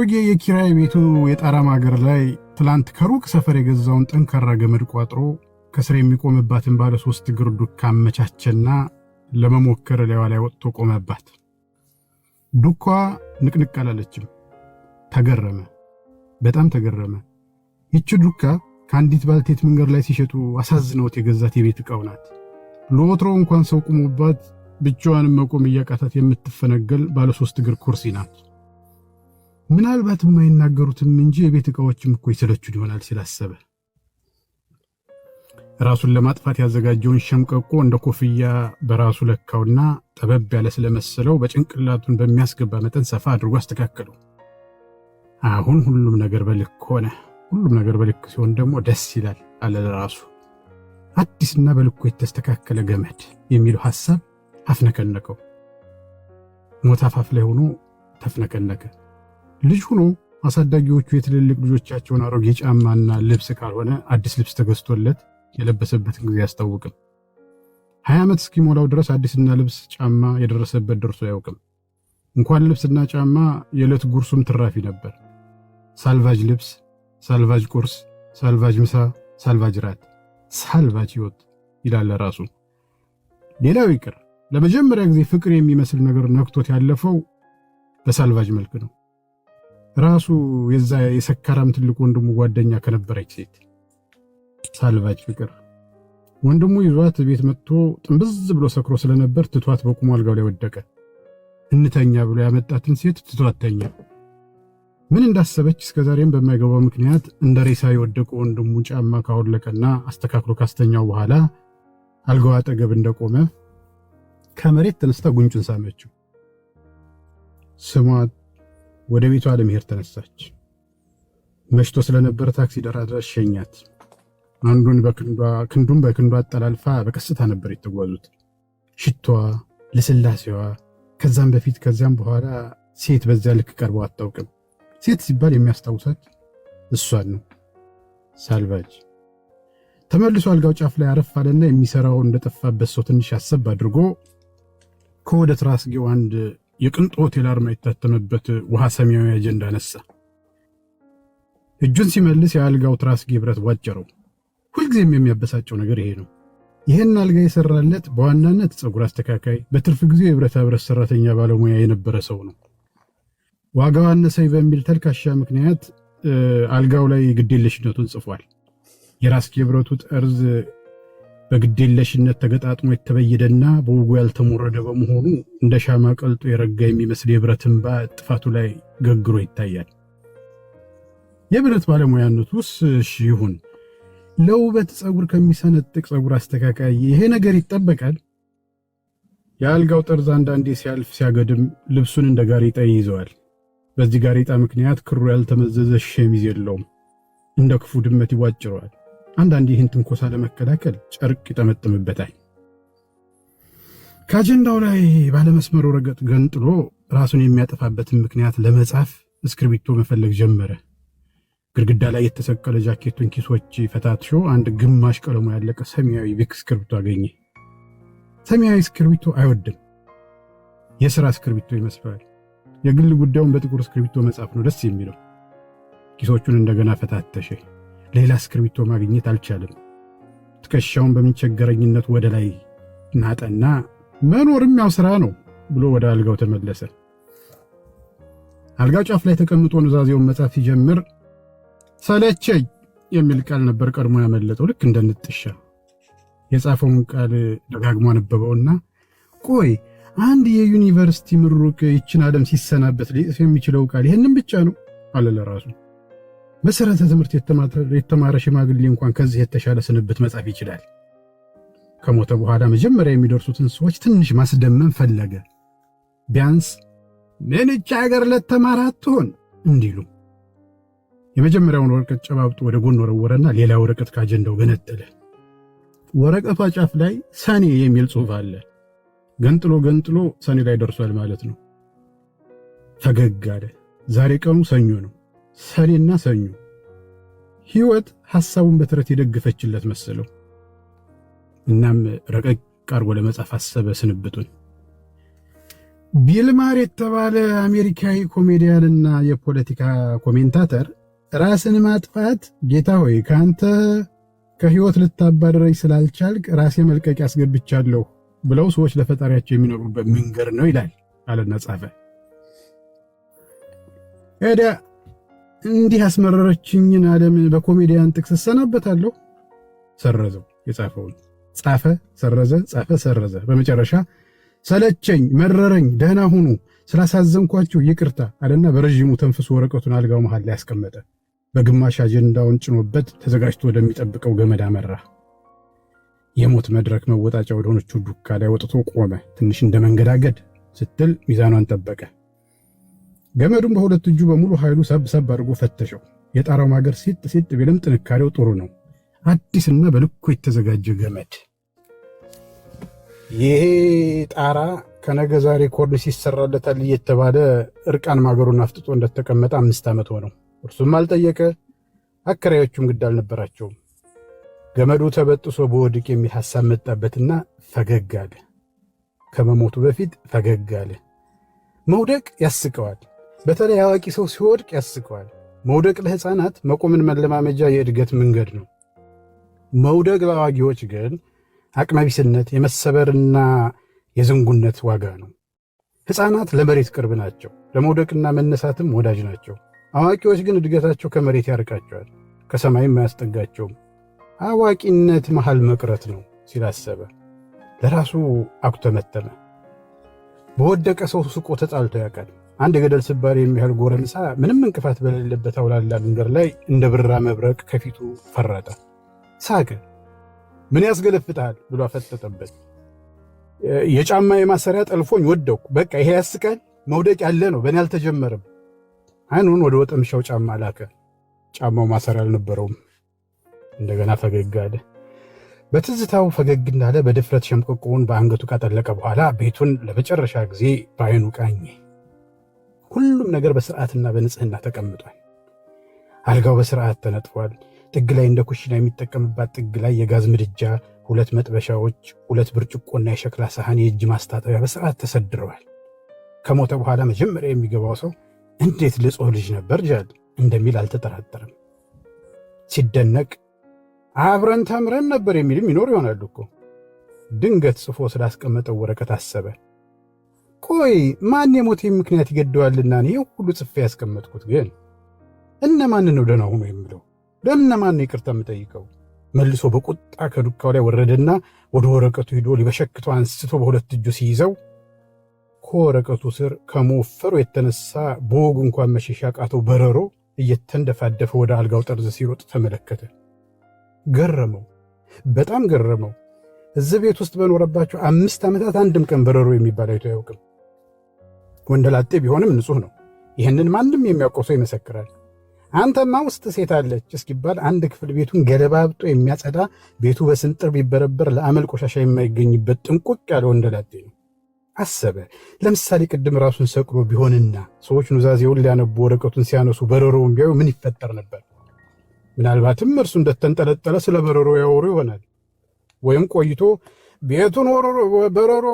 አሮጌ የኪራይ ቤቱ የጣራ ማገር ላይ ትላንት ከሩቅ ሰፈር የገዛውን ጠንካራ ገመድ ቋጥሮ ከስር የሚቆምባትን ባለ ሶስት እግር ዱካ አመቻቸና ለመሞከር ላይዋ ላይ ወጥቶ ቆመባት። ዱኳ ንቅንቅ አላለችም። ተገረመ፣ በጣም ተገረመ። ይቺ ዱካ ከአንዲት ባልቴት መንገድ ላይ ሲሸጡ አሳዝነውት የገዛት የቤት ዕቃው ናት። ለወትሮ እንኳን ሰው ቁሞባት ብቻዋንም መቆም እያቃታት የምትፈነገል ባለ ሶስት እግር ኩርሲ ናት። ምናልባት የማይናገሩትም እንጂ የቤት እቃዎችም እኮ ይሰለቹን ይሆናል ሲላሰበ ራሱን ለማጥፋት ያዘጋጀውን ሸምቀቆ እንደ ኮፍያ በራሱ ለካውና ጠበብ ያለ ስለመሰለው በጭንቅላቱን በሚያስገባ መጠን ሰፋ አድርጎ አስተካከለው። አሁን ሁሉም ነገር በልክ ሆነ። ሁሉም ነገር በልክ ሲሆን ደግሞ ደስ ይላል አለ ለራሱ። አዲስና በልኩ የተስተካከለ ገመድ የሚለው ሐሳብ አፍነከነቀው። ሞት አፋፍ ላይ ሆኖ ተፍነከነከ። ልጅ ሆኖ አሳዳጊዎቹ የትልልቅ ልጆቻቸውን አሮጌ ጫማና ልብስ ካልሆነ አዲስ ልብስ ተገዝቶለት የለበሰበትን ጊዜ አያስታውቅም። ሀያ ዓመት እስኪሞላው ድረስ አዲስና ልብስ ጫማ የደረሰበት ደርሶ አያውቅም። እንኳን ልብስና ጫማ የዕለት ጉርሱም ትራፊ ነበር። ሳልቫጅ ልብስ፣ ሳልቫጅ ቁርስ፣ ሳልቫጅ ምሳ፣ ሳልቫጅ ራት፣ ሳልቫጅ ህይወት ይላል ራሱ። ሌላው ይቅር፣ ለመጀመሪያ ጊዜ ፍቅር የሚመስል ነገር ነክቶት ያለፈው በሳልቫጅ መልክ ነው። ራሱ የዛ የሰካራም ትልቅ ወንድሙ ጓደኛ ከነበረች ሴት ሳልቫጅ ፍቅር ወንድሙ ይዟት ቤት መጥቶ ጥንብዝ ብሎ ሰክሮ ስለነበር ትቷት በቁሙ አልጋው ላይ ወደቀ። እንተኛ ብሎ ያመጣትን ሴት ትቷት ተኛ። ምን እንዳሰበች እስከዛሬም በማይገባው ምክንያት እንደ ሬሳ የወደቀ ወንድሙ ጫማ ካወለቀና አስተካክሎ ካስተኛው በኋላ አልጋው አጠገብ እንደቆመ ከመሬት ተነስታ ጉንጩን ሳመችው። ስሟት ወደ ቤቷ ለመሄድ ተነሳች። መሽቶ ስለነበረ ታክሲ ደራድራ ሸኛት። አንዱን ክንዱን በክንዷ አጠላልፋ በቀስታ ነበር የተጓዙት። ሽቷ፣ ልስላሴዋ ከዛም በፊት ከዚያም በኋላ ሴት በዚያ ልክ ቀርበው አታውቅም። ሴት ሲባል የሚያስታውሳት እሷን ነው። ሳልቫጅ ተመልሶ አልጋው ጫፍ ላይ አረፍ አለና የሚሰራው እንደጠፋበት ሰው ትንሽ አሰብ አድርጎ ከወደ ትራስጌው አንድ ሆቴል አርማ የታተመበት ውሃ ሰማያዊ አጀንዳ ነሳ። እጁን ሲመልስ የአልጋው ትራስጌ ብረት ቧጨረው። ሁልጊዜም የሚያበሳጨው ነገር ይሄ ነው። ይህን አልጋ የሰራለት በዋናነት ፀጉር አስተካካይ፣ በትርፍ ጊዜ የብረታ ብረት ሰራተኛ ባለሙያ የነበረ ሰው ነው። ዋጋው አነሰኝ በሚል ተልካሻ ምክንያት አልጋው ላይ ግዴለሽነቱን ጽፏል። የራስጌ ብረቱ ጠርዝ በግዴለሽነት ተገጣጥሞ የተበየደና በውጉ ያልተሞረደ በመሆኑ እንደ ሻማ ቀልጦ የረጋ የሚመስል የብረት እንባ ጥፋቱ ላይ ገግሮ ይታያል። የብረት ባለሙያነት ውስ ይሁን፣ ለውበት ፀጉር ከሚሰነጥቅ ፀጉር አስተካካይ ይሄ ነገር ይጠበቃል። የአልጋው ጠርዝ አንዳንዴ ሲያልፍ ሲያገድም ልብሱን እንደ ጋሬጣ ይይዘዋል። በዚህ ጋሬጣ ምክንያት ክሩ ያልተመዘዘ ሸሚዝ የለውም፣ እንደ ክፉ ድመት ይቧጭረዋል። አንዳንድ ይህን ትንኮሳ ለመከላከል ጨርቅ ይጠመጥምበታል። ከአጀንዳው ላይ ባለመስመሩ ረገጥ ገንጥሎ ራሱን የሚያጠፋበትን ምክንያት ለመጻፍ እስክርቢቶ መፈለግ ጀመረ። ግድግዳ ላይ የተሰቀለ ጃኬቱን ኪሶች ፈታትሾ አንድ ግማሽ ቀለሙ ያለቀ ሰማያዊ ቢክ እስክርቢቶ አገኘ። ሰማያዊ እስክርቢቶ አይወድም። የስራ እስክርቢቶ ይመስለዋል። የግል ጉዳዩን በጥቁር እስክርቢቶ መጻፍ ነው ደስ የሚለው። ኪሶቹን እንደገና ፈታተሸ። ሌላ እስክርቢቶ ማግኘት አልቻለም። ትከሻውን በሚቸገረኝነት ወደ ላይ ናጠና መኖርም ያው ስራ ነው ብሎ ወደ አልጋው ተመለሰ። አልጋ ጫፍ ላይ ተቀምጦ ኑዛዜውን መጻፍ ሲጀምር ሰለቸኝ የሚል ቃል ነበር ቀድሞ ያመለጠው። ልክ እንደንጥሻ የጻፈውን ቃል ደጋግሞ አነበበውና ቆይ አንድ የዩኒቨርሲቲ ምሩቅ ይችን ዓለም ሲሰናበት ሊጽፍ የሚችለው ቃል ይህንም ብቻ ነው አለ ለራሱ። መሰረተ ትምህርት የተማረ ሽማግሌ እንኳን ከዚህ የተሻለ ስንብት መጻፍ ይችላል። ከሞተ በኋላ መጀመሪያ የሚደርሱትን ሰዎች ትንሽ ማስደመም ፈለገ። ቢያንስ ምን አገር ሀገር ለተማረ አትሆን እንዲሉ። የመጀመሪያውን ወረቀት ጨባብጦ ወደ ጎን ወረወረና ሌላ ወረቀት ከአጀንዳው ገነጠለ። ወረቀቷ ጫፍ ላይ ሰኔ የሚል ጽሑፍ አለ። ገንጥሎ ገንጥሎ ሰኔ ላይ ደርሷል ማለት ነው። ፈገግ አለ። ዛሬ ቀኑ ሰኞ ነው። ሰኔና ሰኞ ሕይወት ሐሳቡን በትረት የደግፈችለት መሰለው። እናም ረቀቅ አድርጎ ለመጻፍ አሰበ ስንብጡን። ቢል ማር የተባለ አሜሪካዊ ኮሜዲያንና የፖለቲካ ኮሜንታተር ራስን ማጥፋት ጌታ ሆይ ከአንተ ከሕይወት ልታባደረኝ ስላልቻልክ ራሴ መልቀቂያ አስገብቻለሁ ብለው ሰዎች ለፈጣሪያቸው የሚኖሩበት መንገድ ነው ይላል አለና ጻፈ። እንዲህ ያስመረረችኝን ዓለም በኮሜዲያን ጥቅስ እሰናበታለሁ። ሰረዘው፣ የጻፈውን ጻፈ፣ ሰረዘ፣ ጻፈ፣ ሰረዘ። በመጨረሻ ሰለቸኝ፣ መረረኝ፣ ደህና ሁኑ፣ ስላሳዘንኳችሁ ይቅርታ አለና በረዥሙ ተንፍሶ ወረቀቱን አልጋው መሃል ላይ ያስቀመጠ። በግማሽ አጀንዳውን ጭኖበት ተዘጋጅቶ ወደሚጠብቀው ገመድ አመራ። የሞት መድረክ መወጣጫ ወደሆነችው ዱካ ላይ ወጥቶ ቆመ። ትንሽ እንደመንገዳገድ ስትል ሚዛኗን ጠበቀ። ገመዱን በሁለት እጁ በሙሉ ኃይሉ ሰብሰብ አድርጎ ፈተሸው። የጣራው ማገር ሲጥ ሲጥ ቢልም ጥንካሬው ጥሩ ነው። አዲስና በልኩ የተዘጋጀ ገመድ። ይሄ ጣራ ከነገ ዛሬ ኮርኒስ ይሰራለታል እየተባለ እርቃን ማገሩን አፍጥጦ እንደተቀመጠ አምስት ዓመት ሆነው። እርሱም አልጠየቀ፣ አከራዮቹም ግድ አልነበራቸውም። ገመዱ ተበጥሶ በወድቅ የሚል ሐሳብ መጣበትና ፈገግ አለ። ከመሞቱ በፊት ፈገግ አለ። መውደቅ ያስቀዋል። በተለይ አዋቂ ሰው ሲወድቅ ያስቀዋል። መውደቅ ለሕፃናት መቆምን መለማመጃ የእድገት መንገድ ነው። መውደቅ ለአዋቂዎች ግን አቅመቢስነት፣ የመሰበርና የዝንጉነት ዋጋ ነው። ሕፃናት ለመሬት ቅርብ ናቸው። ለመውደቅና መነሳትም ወዳጅ ናቸው። አዋቂዎች ግን እድገታቸው ከመሬት ያርቃቸዋል፣ ከሰማይም አያስጠጋቸውም። አዋቂነት መሃል መቅረት ነው ሲላሰበ ለራሱ አኩተመተመ። በወደቀ ሰው ስቆ ተጣልቶ ያውቃል። አንድ የገደል ስባሪ የሚያህል ጎረምሳ ምንም እንቅፋት በሌለበት አውላላ መንገድ ላይ እንደ ብራ መብረቅ ከፊቱ ፈረጠ። ሳቀ። ምን ያስገለፍጥሃል ብሎ አፈጠጠበት። የጫማ የማሰሪያ ጠልፎኝ ወደኩ። በቃ ይሄ ያስቀል መውደቅ ያለ ነው፣ በእኔ አልተጀመረም። አይኑን ወደ ወጠምሻው ጫማ ላከ። ጫማው ማሰሪያ አልነበረውም። እንደገና ፈገግ አለ። በትዝታው ፈገግ እንዳለ በድፍረት ሸምቆቆውን በአንገቱ ካጠለቀ በኋላ ቤቱን ለመጨረሻ ጊዜ በአይኑ ቃኘ። ሁሉም ነገር በስርዓትና በንጽህና ተቀምጧል። አልጋው በስርዓት ተነጥፏል። ጥግ ላይ እንደ ኩሽና የሚጠቀምባት ጥግ ላይ የጋዝ ምድጃ፣ ሁለት መጥበሻዎች፣ ሁለት ብርጭቆና የሸክላ ሳህን፣ የእጅ ማስታጠቢያ በስርዓት ተሰድረዋል። ከሞተ በኋላ መጀመሪያ የሚገባው ሰው እንዴት ልጹህ ልጅ ነበር ጃል እንደሚል አልተጠራጠረም። ሲደነቅ አብረን ተምረን ነበር የሚልም ይኖር ይሆናሉ እኮ ድንገት ጽፎ ስላስቀመጠው ወረቀት አሰበ። ቆይ ማን የሞቴ ምክንያት ይገደዋልና? እኔ ሁሉ ጽፌ ያስቀመጥኩት ግን እነማንን ነው ደህና ሆኖ የምለው? ለእነማን ነው ይቅርታ የምጠይቀው? መልሶ በቁጣ ከዱካው ላይ ወረደና ወደ ወረቀቱ ሂዶ ሊበሸክቶ አንስቶ በሁለት እጁ ሲይዘው ከወረቀቱ ስር ከመወፈሩ የተነሳ በወጉ እንኳን መሸሻ ቃተው በረሮ እየተንደፋደፈ ወደ አልጋው ጠርዝ ሲሮጥ ተመለከተ። ገረመው፣ በጣም ገረመው። እዚህ ቤት ውስጥ በኖረባቸው አምስት ዓመታት አንድም ቀን በረሮ የሚባል አይቶ አያውቅም። ወንደላጤ ቢሆንም ንጹሕ ነው። ይህንን ማንም የሚያውቀው ሰው ይመሰክራል። አንተማ ውስጥ ሴት አለች እስኪባል አንድ ክፍል ቤቱን ገለባብጦ የሚያጸዳ ቤቱ በስንጥር ቢበረበር ለአመል ቆሻሻ የማይገኝበት ጥንቁቅ ያለ ወንደላጤ ነው። አሰበ። ለምሳሌ ቅድም ራሱን ሰቅሎ ቢሆንና ሰዎች ኑዛዜውን ሊያነቡ ወረቀቱን ሲያነሱ በረሮውን ቢያዩ ምን ይፈጠር ነበር? ምናልባትም እርሱ እንደተንጠለጠለ ስለ በረሮ ያወሩ ይሆናል ወይም ቆይቶ ቤቱን በረሮ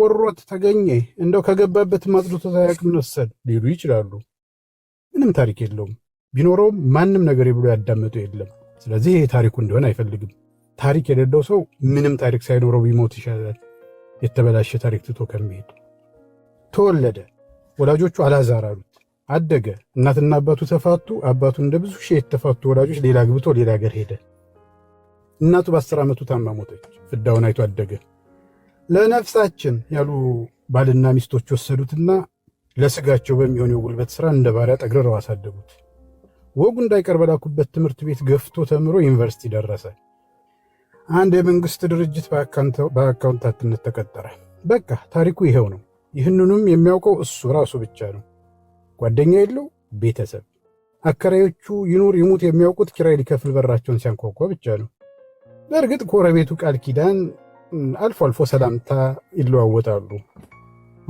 ወሮት ተገኘ እንደው ከገባበት ማጽዱት ታያቅ መሰል ሊሉ ይችላሉ። ምንም ታሪክ የለውም። ቢኖረውም ማንም ነገር ብሎ ያዳመጡ የለም። ስለዚህ ይሄ ታሪኩ እንዲሆን አይፈልግም። ታሪክ የሌለው ሰው ምንም ታሪክ ሳይኖረው ቢሞት ይሻላል፣ የተበላሸ ታሪክ ትቶ ከሚሄድ። ተወለደ፣ ወላጆቹ አላዛር አሉት። አደገ፣ እናትና አባቱ ተፋቱ። አባቱ እንደ ብዙ ሺህ የተፋቱ ወላጆች ሌላ ግብቶ ሌላ ሀገር ሄደ። እናቱ በአስር ዓመቱ ታማ ሞተች። ፍዳውን አይቶ አደገ። ለነፍሳችን ያሉ ባልና ሚስቶች ወሰዱትና ለስጋቸው በሚሆን የጉልበት ስራ እንደ ባሪያ ጠግረረው አሳደጉት። ወጉ እንዳይቀር በላኩበት ትምህርት ቤት ገፍቶ ተምሮ ዩኒቨርሲቲ ደረሰ። አንድ የመንግስት ድርጅት በአካውንታትነት ተቀጠረ። በቃ ታሪኩ ይኸው ነው። ይህንኑም የሚያውቀው እሱ ራሱ ብቻ ነው። ጓደኛ የለው፣ ቤተሰብ፣ አከራዮቹ ይኑር ይሙት የሚያውቁት ኪራይ ሊከፍል በራቸውን ሲያንኳኳ ብቻ ነው። በእርግጥ ጎረቤቱ ቃል ኪዳን አልፎ አልፎ ሰላምታ ይለዋወጣሉ።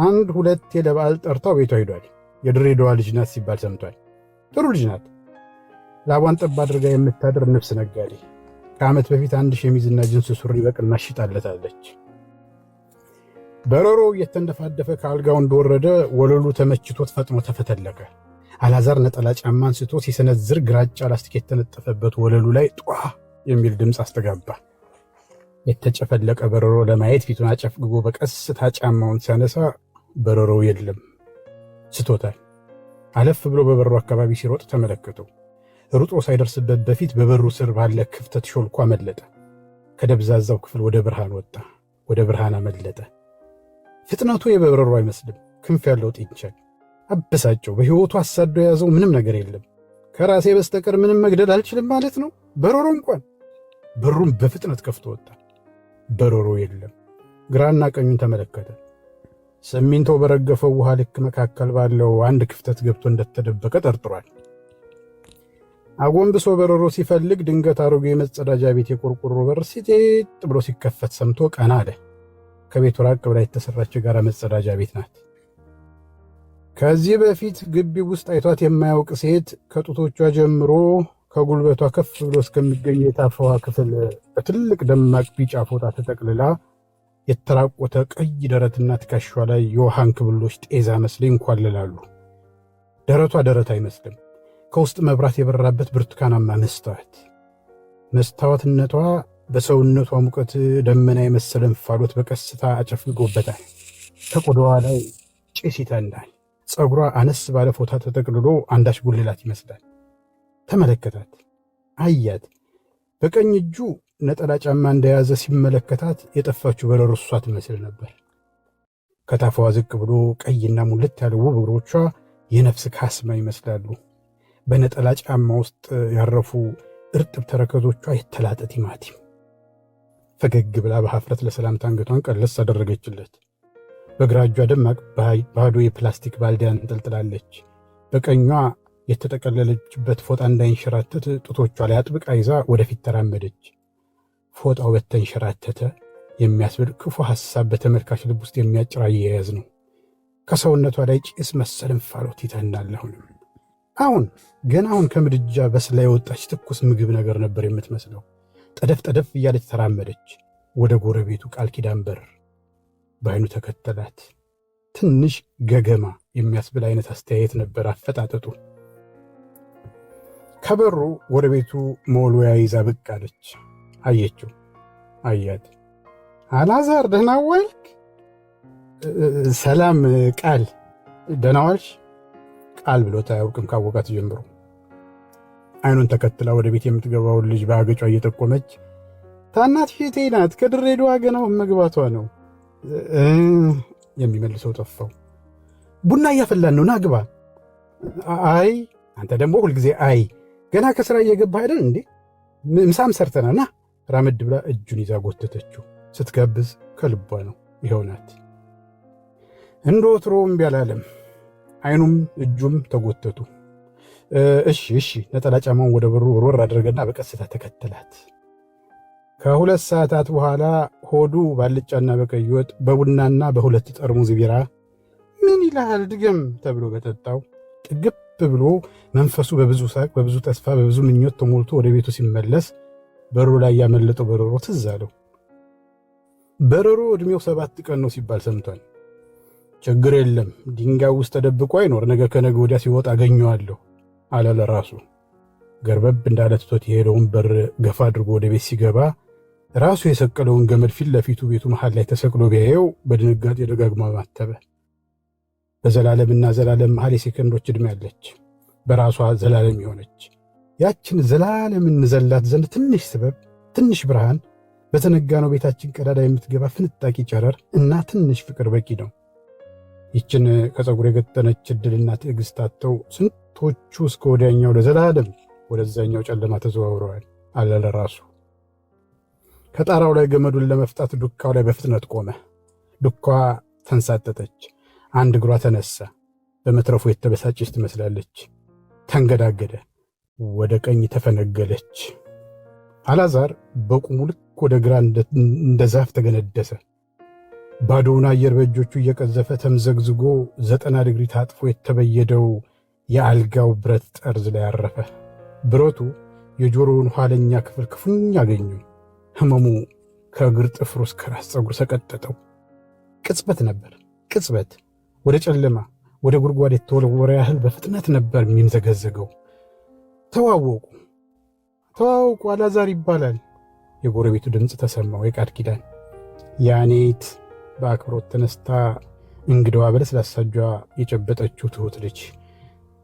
አንድ ሁለቴ ለበዓል ጠርታው ቤቷ ሂዷል። የድሬዳዋ ልጅ ናት ሲባል ሰምቷል። ጥሩ ልጅ ናት። ላቧን ጠብ አድርጋ የምታድር ነፍስ ነጋዴ። ከዓመት በፊት አንድ ሸሚዝና ጅንስ ሱሪ በቅናሽ ሽጣለታለች። በረሮ እየተንደፋደፈ ከአልጋው እንደወረደ ወለሉ ተመችቶት ፈጥኖ ተፈተለቀ። አላዛር ነጠላ ጫማ አንስቶ ሲሰነዝር ግራጫ ላስቲክ የተነጠፈበት ወለሉ ላይ ጧ የሚል ድምፅ አስተጋባ። የተጨፈለቀ በረሮ ለማየት ፊቱን አጨፍግጎ በቀስታ ጫማውን ሲያነሳ በረሮው የለም ስቶታል። አለፍ ብሎ በበሩ አካባቢ ሲሮጥ ተመለከተው። ሩጦ ሳይደርስበት በፊት በበሩ ስር ባለ ክፍተት ሾልኮ አመለጠ። ከደብዛዛው ክፍል ወደ ብርሃን ወጣ፣ ወደ ብርሃን አመለጠ። ፍጥነቱ የበረሮ አይመስልም። ክንፍ ያለው ጥንቸል አበሳጨው። በሕይወቱ አሳዶ የያዘው ምንም ነገር የለም። ከራሴ በስተቀር ምንም መግደል አልችልም ማለት ነው በረሮ እንኳን በሩን በፍጥነት ከፍቶ ወጣ። በረሮ የለም። ግራና ቀኙን ተመለከተ። ሰሚንቶ በረገፈው ውሃ ልክ መካከል ባለው አንድ ክፍተት ገብቶ እንደተደበቀ ጠርጥሯል። አጎንብሶ በረሮ ሲፈልግ ድንገት አሮጌ የመጸዳጃ ቤት የቆርቆሮ በር ሲጤጥ ብሎ ሲከፈት ሰምቶ ቀና አለ። ከቤቱ ራቅ ብላ የተሰራች የጋራ መጸዳጃ ቤት ናት። ከዚህ በፊት ግቢ ውስጥ አይቷት የማያውቅ ሴት ከጡቶቿ ጀምሮ ከጉልበቷ ከፍ ብሎ እስከሚገኝ የታፈዋ ክፍል በትልቅ ደማቅ ቢጫ ፎጣ ተጠቅልላ የተራቆተ ቀይ ደረትና ትከሿ ላይ የውሃን ክብሎች ጤዛ መስለ ይንኳልላሉ። ደረቷ ደረት አይመስልም። ከውስጥ መብራት የበራበት ብርቱካናማ መስታወት። መስታወትነቷ በሰውነቷ ሙቀት ደመና የመሰለ እንፋሎት በቀስታ አጨፍግጎበታል። ከቆዳዋ ላይ ጭስ ይተንዳል። ፀጉሯ አነስ ባለ ፎታ ተጠቅልሎ አንዳች ጉልላት ይመስላል። ተመለከታት፣ አያት። በቀኝ እጁ ነጠላ ጫማ እንደያዘ ሲመለከታት የጠፋችው በረሮ እሷ ትመስል ነበር። ከታፋዋ ዝቅ ብሎ ቀይና ሙልት ያለ ውብ እግሮቿ የነፍስ ካስማ ይመስላሉ። በነጠላ ጫማ ውስጥ ያረፉ እርጥብ ተረከዞቿ የተላጠ ቲማቲም። ፈገግ ብላ በሀፍረት ለሰላምታ አንገቷን ቀለስ አደረገችለት። በግራ እጇ ደማቅ ባዶ የፕላስቲክ ባልዲያን አንጠልጥላለች። በቀኟ የተጠቀለለችበት ፎጣ እንዳይንሸራተት ጡቶቿ ላይ አጥብቃ ይዛ ወደፊት ተራመደች። ፎጣው በተንሸራተተ የሚያስብል ክፉ ሐሳብ በተመልካች ልብ ውስጥ የሚያጭር አያያዝ ነው። ከሰውነቷ ላይ ጭስ መሰል እንፋሎት ይተናል። አሁንም አሁን ገና አሁን ከምድጃ በስላ የወጣች ትኩስ ምግብ ነገር ነበር የምትመስለው። ጠደፍ ጠደፍ እያለች ተራመደች ወደ ጎረቤቱ ቃል ኪዳን በር። በአይኑ ተከተላት። ትንሽ ገገማ የሚያስብል አይነት አስተያየት ነበር አፈጣጠጡ። ከበሩ ወደ ቤቱ መወልወያ ይዛ ብቅ አለች። አየችው፣ አያት። አላዛር ደህና ዋልክ? ሰላም ቃል፣ ደህና ዋልሽ? ቃል ብሎት አያውቅም ካወቃት ጀምሮ። አይኑን ተከትላ ወደ ቤት የምትገባውን ልጅ በአገጯ እየጠቆመች ታናት ፊቴ ናት፣ ከድሬዳዋ ገናው መግባቷ ነው። የሚመልሰው ጠፋው። ቡና እያፈላን ነው፣ ና ግባ። አይ አንተ ደግሞ ሁልጊዜ አይ ገና ከስራ እየገባ አይደል እንዴ? ምሳም ሰርተናና ራመድ ብላ እጁን ይዛ ጎተተችው። ስትጋብዝ ከልቧ ነው። ይሆናት እንደ ወትሮ እምቢ አላለም። አይኑም እጁም ተጎተቱ። እሺ እሺ፣ ነጠላ ጫማውን ወደ በሩ ሮር አድርገና በቀስታ ተከተላት። ከሁለት ሰዓታት በኋላ ሆዱ ባልጫና በቀይ ወጥ በቡናና በሁለት ጠርሙዝ ቢራ ምን ይልሃል ድገም ተብሎ በጠጣው ጥግብ ብሎ መንፈሱ በብዙ ሳቅ፣ በብዙ ተስፋ፣ በብዙ ምኞት ተሞልቶ ወደ ቤቱ ሲመለስ በሮ ላይ ያመለጠው በረሮ ትዝ አለው። በረሮ ዕድሜው ሰባት ቀን ነው ሲባል ሰምቷል። ችግር የለም ድንጋይ ውስጥ ተደብቆ አይኖር፣ ነገ ከነገ ወዲያ ሲወጣ አገኘዋለሁ አለ ለራሱ። ገርበብ እንዳለ ትቶት የሄደውን በር ገፋ አድርጎ ወደ ቤት ሲገባ ራሱ የሰቀለውን ገመድ ፊት ለፊቱ ቤቱ መሃል ላይ ተሰቅሎ ቢያየው በድንጋጤ ደጋግሞ ማተበ። በዘላለምና ዘላለም መሐሌ የሴከንዶች ዕድሜ ያለች በራሷ ዘላለም የሆነች ያችን ዘላለም እንዘላት ዘንድ ትንሽ ስበብ ትንሽ ብርሃን በተነጋ ነው ቤታችን ቀዳዳ የምትገባ ፍንጣቂ ጨረር እና ትንሽ ፍቅር በቂ ነው። ይችን ከፀጉር የገጠነች ዕድልና ትዕግስት አጥተው ስንቶቹ እስከ ወዲያኛው ለዘላለም ወደዛኛው ጨለማ ተዘዋውረዋል አለ ለራሱ። ከጣራው ላይ ገመዱን ለመፍታት ዱካው ላይ በፍጥነት ቆመ። ዱካ ተንሳጠተች። አንድ እግሯ ተነሳ። በመትረፉ የተበሳጨች ትመስላለች። ተንገዳገደ፣ ወደ ቀኝ ተፈነገለች። አላዛር በቁሙ ልክ ወደ ግራ እንደ ዛፍ ተገነደሰ። ባዶውን አየር በእጆቹ እየቀዘፈ ተምዘግዝጎ ዘጠና ዲግሪ ታጥፎ የተበየደው የአልጋው ብረት ጠርዝ ላይ አረፈ። ብረቱ የጆሮውን ኋለኛ ክፍል ክፉኛ አገኙ። ህመሙ ከእግር ጥፍሩ እስከ ራስ ፀጉር ሰቀጠጠው። ቅጽበት ነበር፣ ቅጽበት ወደ ጨለማ ወደ ጉድጓድ የተወለወረ ያህል በፍጥነት ነበር የሚምዘገዘገው። ተዋወቁ ተዋወቁ፣ አላዛር ይባላል። የጎረቤቱ ድምፅ ተሰማው። የቃል ኪዳን ያኔት በአክብሮት ተነስታ እንግዳዋ በለስላሳ እጇ የጨበጠችው ትሁት ልጅ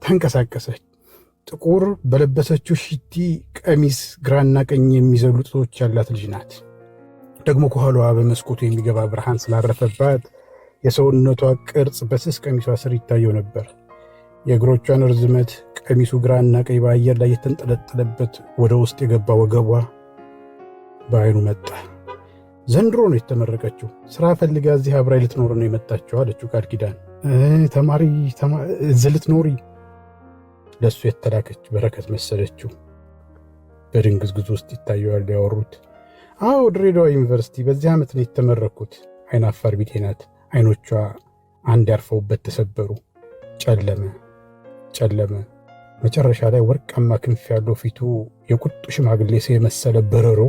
ተንቀሳቀሰች። ጥቁር በለበሰችው ሽቲ ቀሚስ ግራና ቀኝ የሚዘሉ ጥቶች ያላት ልጅ ናት። ደግሞ ከኋላዋ በመስኮቱ የሚገባ ብርሃን ስላረፈባት የሰውነቷ ቅርጽ በስስ ቀሚሷ ስር ይታየው ነበር። የእግሮቿን እርዝመት ቀሚሱ ግራና ቀይ በአየር ላይ የተንጠለጠለበት ወደ ውስጥ የገባ ወገቧ በአይኑ መጣ። ዘንድሮ ነው የተመረቀችው። ስራ ፈልጋ እዚህ አብራይ ልትኖር ነው የመጣችው አለችው ቃል ኪዳን። ተማሪ እዚህ ልትኖሪ ለእሱ የተላከች በረከት መሰለችው። በድንግዝግዝ ውስጥ ይታየዋል ያወሩት። አዎ ድሬዳዋ ዩኒቨርሲቲ በዚህ ዓመት ነው የተመረኩት። አይናፋር ቢጤ ናት። አይኖቿ አንድ ያርፈውበት ተሰበሩ። ጨለመ ጨለመ። መጨረሻ ላይ ወርቃማ ክንፍ ያለው ፊቱ የቁጡ ሽማግሌ ሰው የመሰለ በረሮ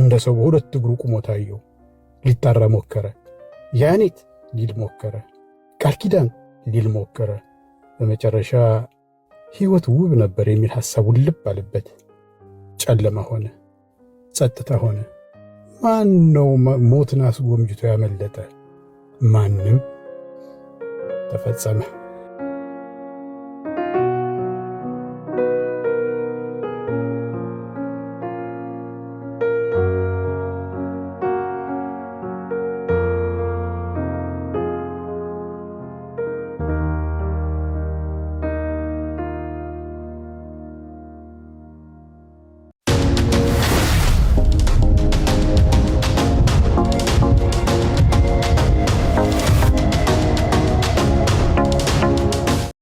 እንደ ሰው በሁለት እግሩ ቁሞ ታየው። ሊጣራ ሞከረ። ያኔት ሊል ሞከረ። ቃል ኪዳን ሊል ሞከረ። በመጨረሻ ሕይወት ውብ ነበር የሚል ሐሳቡን ልብ አለበት። ጨለማ ሆነ፣ ጸጥታ ሆነ። ማን ነው ሞትን አስጎምጅቶ ያመለጠ? ማንም ተፈጸመ።